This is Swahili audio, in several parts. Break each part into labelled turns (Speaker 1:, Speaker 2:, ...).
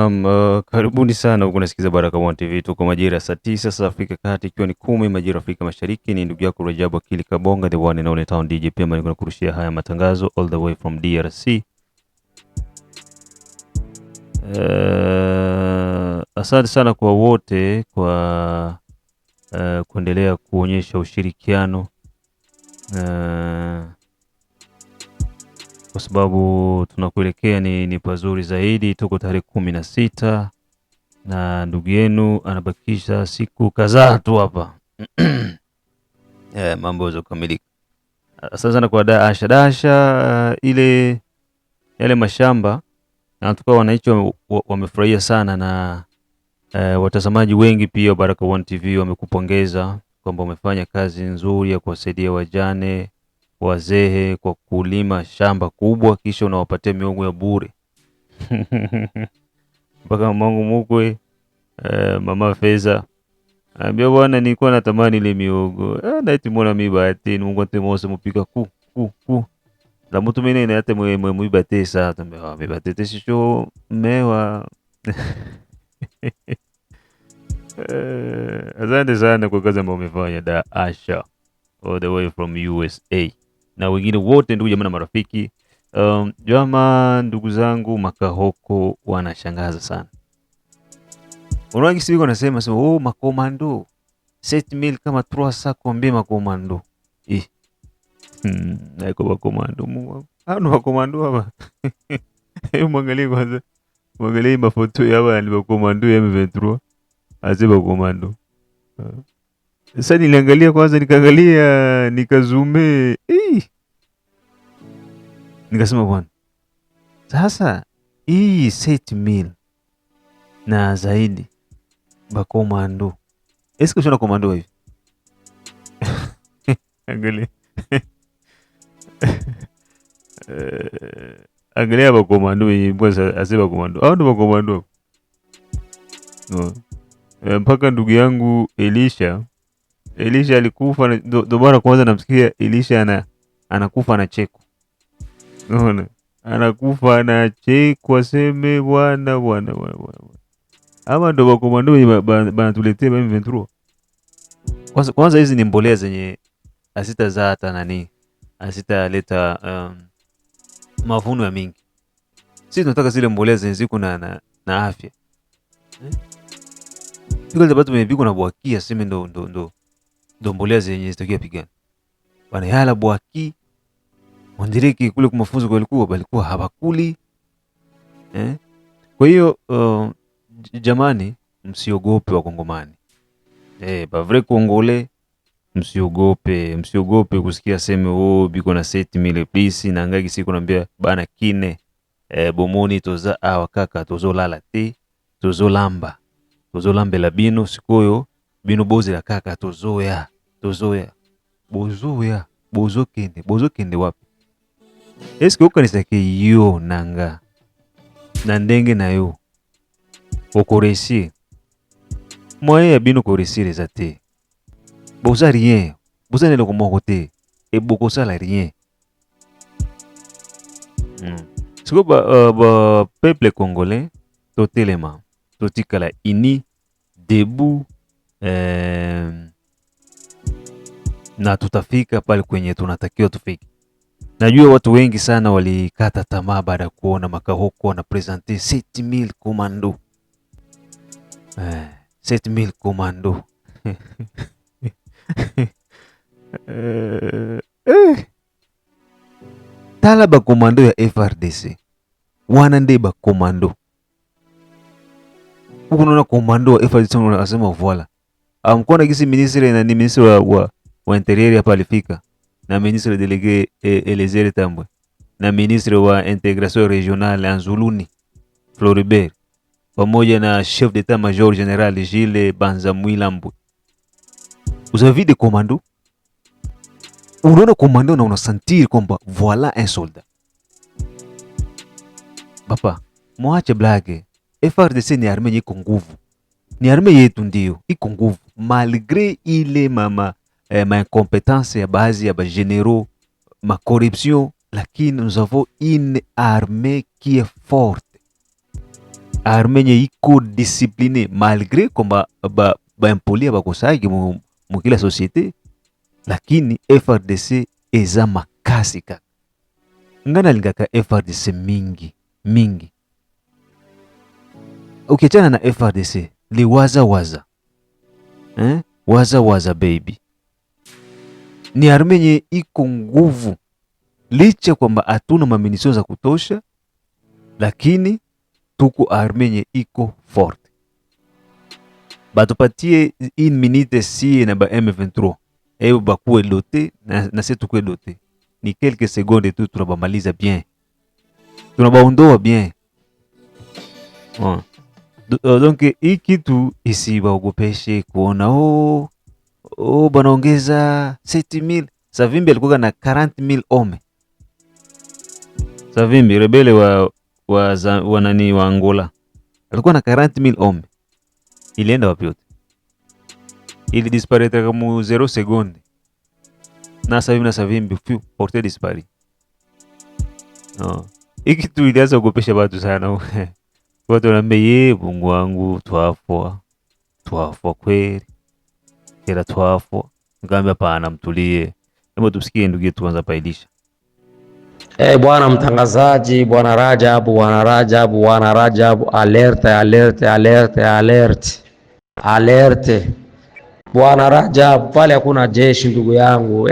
Speaker 1: Naam, uh, karibuni sana huko nasikiza Baraka One TV. Tuko majira ya saa tisa saa Afrika Kati ikiwa ni kumi majira Afrika Mashariki. Ni ndugu yako Rajabu Akili Kabonga, the one and only town DJ. Pia niko nakurushia haya matangazo all the way from DRC. Uh, asante sana kwa wote kwa uh, kuendelea kuonyesha ushirikiano uh, kwa sababu tunakuelekea ni, ni pazuri zaidi. Tuko tarehe kumi na sita na ndugu yenu anabakisha siku kadhaa tu hapa yeah, eh, mambo yaweza kukamilika. Asante sana kwa Dasha. Dasha uh, ile yale mashamba na tukawa wananchi wamefurahia sana na eh, watazamaji wengi pia Baraka One TV wamekupongeza kwamba umefanya kazi nzuri ya kuwasaidia wajane wazee kwa kulima shamba kubwa, kisha unawapatia miogo ya bure mpaka mamangu mukwe uh, eh, mama Feza ambia bwana, nilikuwa natamani ile miogo ah, eh, naiti mbona mi bahati Mungu atemose mupika ku ku ku la mtu mene ina yate mwe mwe bate sa tambe wa mi bate te shisho ah, mewa eh, Asante sana kwa kazi ambayo umefanya da Asha all the way from USA na wengine wote ndugu jamaa na marafiki. Um, jamaa ndugu zangu makahoko wanashangaza sana. Unawangi siviko nasema sema, oh makomando mil kama 3 300 kombe makomando. Eh. Hmm, naiko makomando mu. Ah, no makomando hapa. Hebu mwangalie kwanza. Mwangalie mafoto ya hapa ni makomando ya M23. Aziba komando. Ah. Sasa niliangalia kwanza nikaangalia nikazume. Eh. Nikasema bwana, sasa hii set meal na zaidi bakomando shona komando hivi angalia eh, angalia bakomando mbona aze bakomando au ndo bakomando no. Eh, mpaka ndugu yangu Elisha Elisha alikufa, ndo mara kwanza namsikia Elisha ana, anakufa cheko Unaona, Anakufa anachekwa seme bwana bwana bwana. Ama ndo bakomando wenye banatuletea ba M23. Kwanza kwanza hizi ni mbolea zenye asita hazitazaa hata nani. leta um, mavuno ya mingi. Sisi tunataka zile mbolea zenye ziko na, na, na afya. Eh? Hiyo ndio bado mepigwa na bwakia sema ndo ndo ndo ndo mbolea zenye zitakiwa pigana. Bwana yala bwaki wandiriki kule kwa mafunzo walikuwa walikuwa hawakuli eh? Kwa hiyo uh, jamani, msiogope Wakongomani eh, bavre kongole msiogope, msiogope kusikia seme oh, biko na seti mile pisi na ngagi siku naambia bana kine eh, bomoni toza awa ah, kaka tozo lala te tozo tozo lamba tozolamba tozolambela bino sikoyo bino la kaka tozoya tozoya bozoya bozo bozokende wapi esike okanisa ke yo na nga na ndenge na yo okoresir moyen ya bino koresir eza te boza rien boza na eloko moko te e bokosala rien mm. sikoyo bapeuple uh, congolais totelema totikala uni debu na tutafika pale kwenye tunatakiwa tufike. Najua watu wengi sana walikata tamaa baada ya kuona Makahoko na presente sept mille commando eh, sept mille commando eh, eh. ya FRDC wana nde bakomando ukunaona komando wa FRDC unasema voila amkona ah, gisi ministre na ni ministre wa, wa, wa interior hapa alifika na ministre délégué Elezeri Tambwe na ministre wa integration regionale Anzuluni Floribert pamoja na chef d'état major général Gilles Banzamwila Mbwe. Usavi de komando, unaona komando na unasentir kwamba voila un soldat. Bapa, mwache blague. FRDC ni arme iko nguvu, ni arme yetu, ndio iko nguvu malgre ile mama Eh, ma incompétence ya baadhi ya bagénéraux, ma corruption, lakini nous avons une armée qui est forte, armée yenye iko discipline malgré kwamba ba ba, ba mu kila société, lakini FRDC eza makasi kaka. Nga nalingaka FRDC mingi mingi, ukiachana na FRDC waza eh? waza baby ni arme yenye iko nguvu, licha kwamba hatuna maminisio za kutosha, lakini tuko arme yenye iko forte. Batupatie in minute sie na ba M23 eyo bakuwe dote na, na sie tukuwe dote. Ni kelke segonde tu tunabamaliza bien, tunabaondoa bien oh. Donc hii kitu isibaogopeshe kuona oh oh, banaongeza 7000. Savimbi alikuwa na 40000 ome. Savimbi rebele wa wa, za, wa nani wa Angola alikuwa na 40000 ome, ilienda wapi yote? Ili disparate kama 0 seconde na Savimbi na Savimbi fiu porte dispari. No. Iki tu ilianza kuogopesha watu sana watu wanaambia, ye Mungu wangu, twafwa twafwa kweli Ila twafu nikamwambia pana, mtulie, hebu tusikie ndugu yetu kwanza pailisha.
Speaker 2: Eh, bwana mtangazaji, bwana rajab bwana rajab bwana rajab alerte, alerte, alerte, alerte, alerte. Bwana rajab pale hakuna jeshi ndugu yangu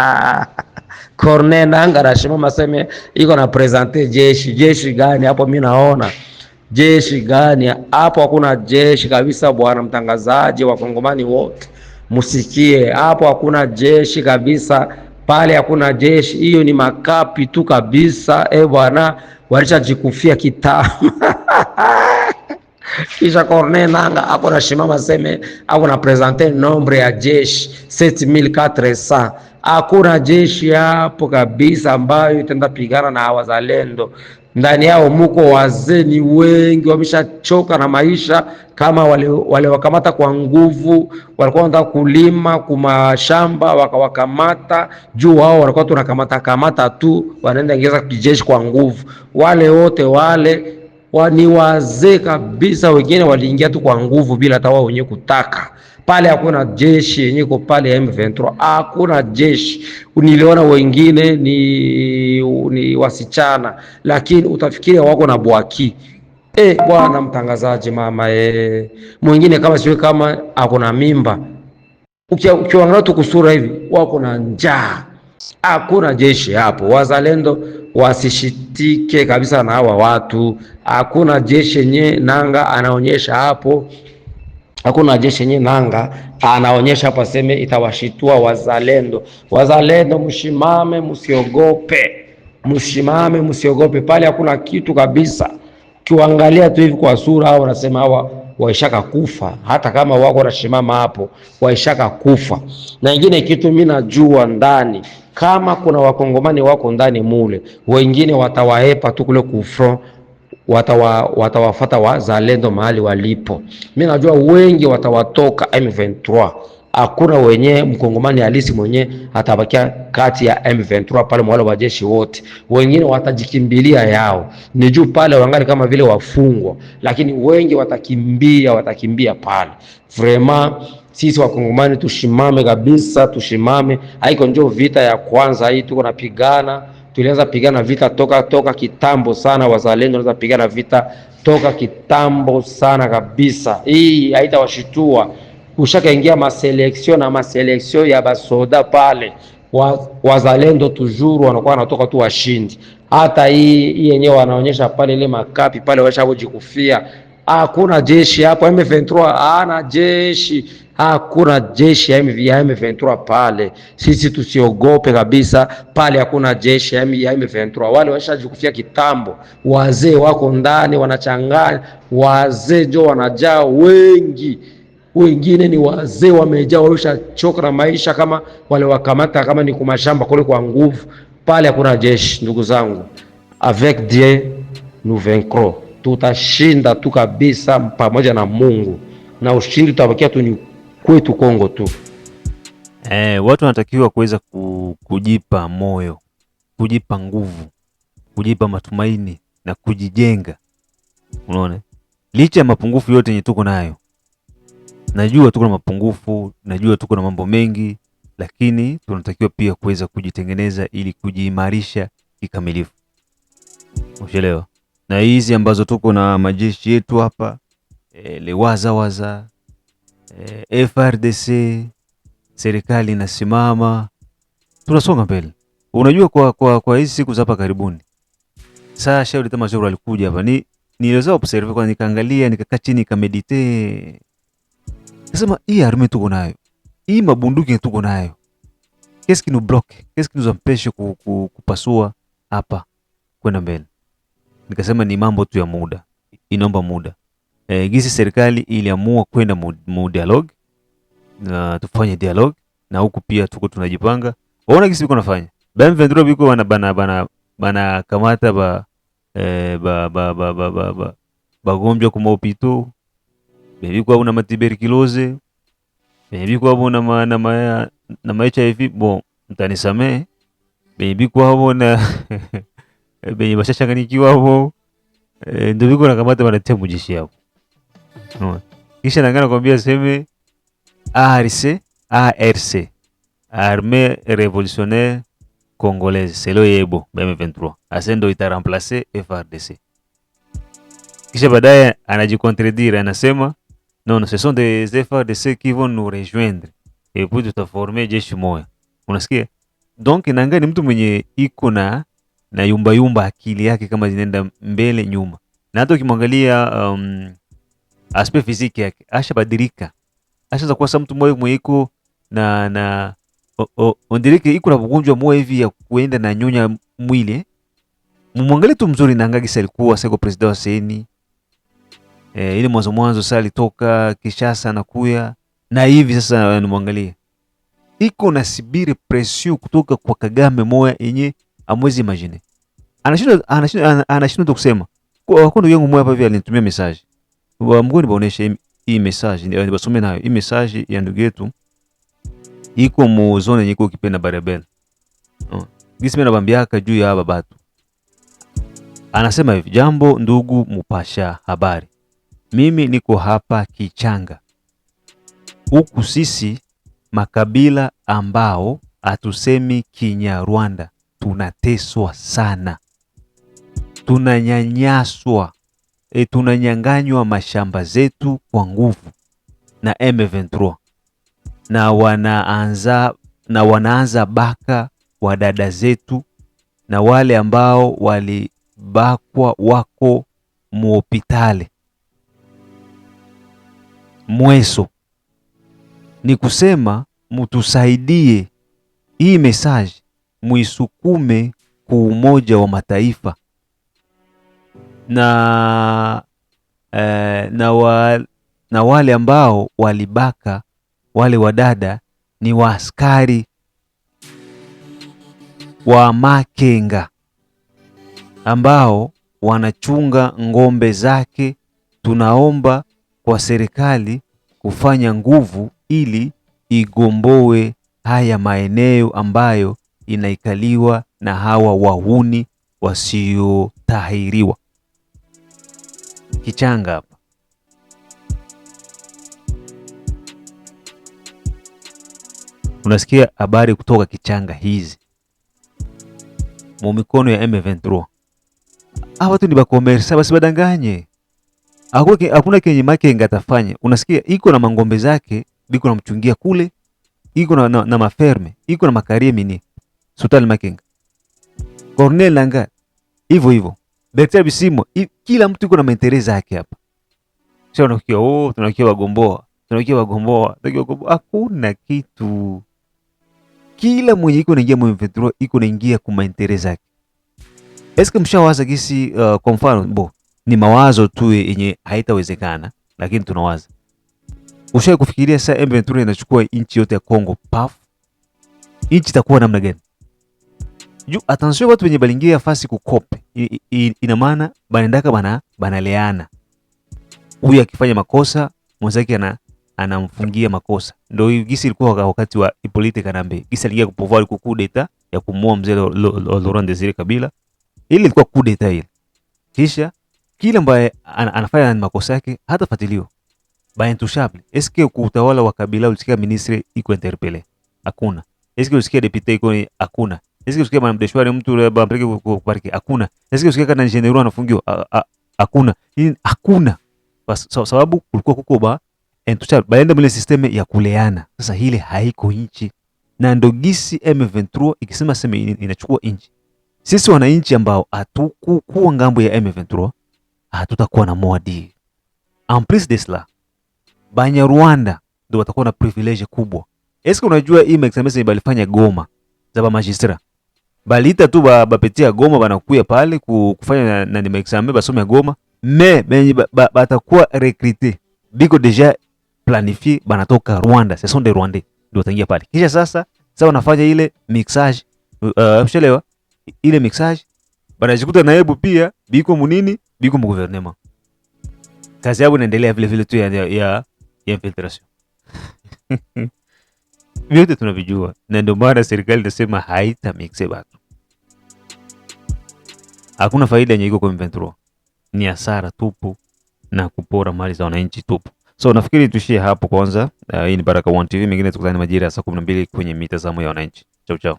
Speaker 2: Corneille nanga shimama sema iko na presenter jeshi. Jeshi gani hapo? Mimi naona Jeshi gani? Hapo hakuna jeshi kabisa, bwana mtangazaji. Wakongomani wote msikie, hapo hakuna jeshi kabisa, pale hakuna jeshi, hiyo ni makapi tu kabisa. E bwana, walishajikufia kitama Kisha corne nanga ako na shimama seme ako na presente nombre ya jeshi 7400 hakuna jeshi hapo kabisa ambayo itaenda pigana na wazalendo ndani yao muko wazee, ni wengi wameshachoka na maisha, kama wale waliwakamata kwa nguvu. Walikuwa wanataka kulima kumashamba, wakawakamata juu wao walikuwa tunakamata kamata tu, wanaenda ingeza kijeshi kwa nguvu. Wale wote wale ni wazee kabisa, wengine waliingia tu kwa nguvu bila hata wao wenyewe kutaka pale hakuna jeshi, iko pale M23 hakuna jeshi. Niliona wengine ni, ni wasichana, lakini utafikiria wako na bwaki e, bwana mtangazaji mama e. Mwingine kama siwe kama ako na mimba, ukiangalia tu kusura hivi wako na njaa. Hakuna jeshi hapo, wazalendo wasishitike kabisa na hawa watu. Hakuna jeshi yenye nanga anaonyesha hapo hakuna jeshi yenye nanga anaonyesha hapa, seme itawashitua wazalendo. Wazalendo mshimame, msiogope, mshimame, msiogope. Pale hakuna kitu kabisa, kiwaangalia tu hivi kwa sura au unasema hawa waishaka kufa, hata kama wako nashimama hapo, waishaka kufa. Na ingine kitu mimi najua ndani, kama kuna wakongomani wako ndani mule, wengine watawaepa tu kule kufro watawa, watawafata wazalendo mahali walipo. Mimi najua wengi watawatoka M23. Hakuna wenye mkongomani halisi mwenye atabakia kati ya M23 pale, mwale wa jeshi wote, wengine watajikimbilia yao, ni juu pale wangali kama vile wafungwa, lakini wengi watakimbia, watakimbia pale vraiment sisi wakongomani tushimame kabisa, tushimame. Haiko njo vita ya kwanza hii, tuko napigana tulianza pigana vita toka toka kitambo sana. Wazalendo walianza pigana vita toka kitambo sana kabisa. Hii haitawashitua ushakaingia maseleksio na maseleksio ya basoda pale wa, wazalendo tujuru wanakuwa wanatoka tu washindi. Hata hii yenyewe wanaonyesha pale ile makapi pale washajikufia hakuna jeshi hapo. M23 hana jeshi, hakuna jeshi ya M23 pale. Sisi tusiogope kabisa pale, hakuna jeshi ya M23. Wale washajikufia kitambo, wazee wako ndani wanachanganya, wazee jo wanajaa wengi wengine ni wazee wamejaa, walishachoka na maisha, kama wale wakamata kama ni kumashamba kule kwa nguvu pale. Hakuna jeshi ndugu zangu, avec Dieu nous vaincrons tutashinda tu kabisa pamoja na Mungu, na ushindi utabakia tu ni kwetu Kongo tu.
Speaker 1: Eh, watu wanatakiwa kuweza kujipa moyo, kujipa nguvu, kujipa matumaini na kujijenga. Unaona, licha ya mapungufu yote yenye tuko nayo, najua tuko na mapungufu, najua tuko na mambo mengi, lakini tunatakiwa pia kuweza kujitengeneza ili kujiimarisha kikamilifu. Ushelewa? na hizi ambazo tuko na majeshi yetu hapa e, eh, lewazawaza e, eh, FRDC, serikali inasimama, tunasonga mbele. Unajua, kwa kwa kwa hizi siku za hapa karibuni, saa shauri tama shauri alikuja hapa ni niliweza observe kwa, nikaangalia nikakaa chini nikameditate, nasema hii army tuko nayo, hii mabunduki tuko nayo, kesi kinu block kesi kinu zampeshe kupasua hapa kwenda mbele. Nikasema ni mambo tu ya muda, inaomba muda. E, gisi serikali iliamua kwenda mu dialogue na tufanye dialogue na huku pia tuko tunajipanga. Waona gisi biko nafanya bamvendro biko wana bana bana bana kamata ba e, ba ba ba ba ba ba bagonjwa ku maopito bebiko abo na matiberkiloze bebiko abo na ma, na ma, na ma HIV bo mtanisamee bebiko abo na benye bashachanganikiwavo e, eh, ndo na kamata wanatia mujeshi yao no. Kisha nangana kwambia seme ARC ARC Armée Révolutionnaire Congolaise selo yebo M23 asendo ita itaramplace FRDC. Kisha baadaye anajikontredire anasema non, non ce sont des FRDC qui vont nous rejoindre et puis tutaforme jeshi moya. Unasikia? Donc nangani mtu mwenye iko na na yumba yumba akili yake kama zinaenda mbele nyuma, na hata ukimwangalia um, aspe fiziki yake ashabadilika, ashaanza kuwa mtu mmoja mwenye iko na na ondireke iko na ugonjwa mmoja hivi ya kuenda na nyonya mwili. Mumwangalie tu mzuri na ngagi alikuwa sasa president wa seni e, ile mwanzo mwanzo sasa alitoka Kishasa na kuya na hivi sasa, eh, nimwangalie iko na sibiri presio kutoka kwa Kagame moya yenye Amwezi imagine. Anashindwa anashindwa anashindwa kusema. Kwa kwa yangu mmoja hapa hivi alinitumia message. Wa mgoni baoneshe hii message ndio nibasome nayo. Hii message ya ndugu yetu iko mu zone yenye kipenda barabara. Oh. Gisi mimi aka juu ya baba tu Anasema hivi, jambo ndugu Mupasha habari. Mimi niko hapa Kichanga. Huku sisi makabila ambao hatusemi Kinyarwanda tunateswa sana, tunanyanyaswa e, tunanyanganywa mashamba zetu kwa nguvu na M23 na wanaanza, na wanaanza baka wa dada zetu na wale ambao walibakwa wako muhopitali mweso. Ni kusema mutusaidie hii mesaji muisukume ku Umoja wa Mataifa na, eh, na, wa, na wale ambao walibaka wale wadada ni waaskari wa Makenga ambao wanachunga ng'ombe zake. Tunaomba kwa serikali kufanya nguvu ili igomboe haya maeneo ambayo inaikaliwa na hawa wahuni wasiotahiriwa. Kichanga hapa unasikia habari kutoka kichanga hizi mu mikono ya M23. Hawa tu ni bakomersa, basibadanganye. Hakuna kenye Makenga atafanya. Unasikia iko na mangombe zake, biko na mchungia kule, iko na, na, na maferme, iko na makarie mini Sultan Makenga, Cornel Langa, hivyo hivyo, Daktari Bisimo, kila mtu yuko na maendeleza yake hapa. Sio unakia oh, tunakia wagomboa, tunakia wagomboa, tunakia wagomboa. Hakuna kitu, kila mwenye iko naingia M23 iko naingia kwa maendeleza yake. Eske mshawaza gisi? Uh, kwa mfano bo ni mawazo tu yenye haitawezekana, lakini tunawaza. Ushawahi kufikiria saa M23 inachukua inchi yote ya Kongo, paf, inchi itakuwa namna gani? juu atensio watu wenye balingia fasi kukope, ina maana banendaka bana banaleana, huyu akifanya makosa mwenzake ana anamfungia makosa. Ndio hiyo gisi ilikuwa wakati wa ipolite kanambe gisi aliingia kupovoa coup kudeta ya kumuua mzee Laurent Desire Kabila, ili ilikuwa kudeta ile. Kisha kila ambaye anafanya makosa yake hata hatafuatiliwa bani tushable. Eske kuutawala wa Kabila ulisikia ministre iko interpele? Hakuna. Eske ulisikia depute iko? Hakuna. Nisikia usikia bwana mdeshwari mtu yule bwana mpeleke kubariki. Hakuna. Nisikia usikia kana general anafungiwa. Hakuna. Hii hakuna. Kwa sababu kulikuwa kuko ba entucha baenda mle system ya kuleana. Sasa hile haiko inchi. Na ndo gisi M23 ikisema sema inachukua inchi. Sisi wananchi ambao hatukukuwa ngambo ya M23 hatutakuwa na mwadi. En plus de cela, Banyarwanda ndo watakuwa na privilege kubwa. Eske unajua hii mexamese ibalifanya Goma za ba magistra balita tu ba bapetia Goma banakuya pale kufanya na maexame basome ya Goma me benye batakuwa recruter biko deja planifié banatoka Rwanda, ce sont des Rwandais ndio wataingia pale. Kisha sasa sasa wanafanya ile mixage uh, mshelewa ile mixage banajikuta na hebu pia biko munini biko mu gouvernement, kazi yao inaendelea vile vile tu ya, ya, ya infiltration vyote tunavijua, na ndio maana serikali inasema mixe bado. Hakuna faida yenye iko kwa M23, ni hasara tupu na kupora mali za wananchi tupu. So nafikiri tuishie hapo kwanza. Uh, hii ni Baraka 1 TV, mengine tukutane majira ya saa 12 kwenye mitazamo ya wananchi. Chao chao.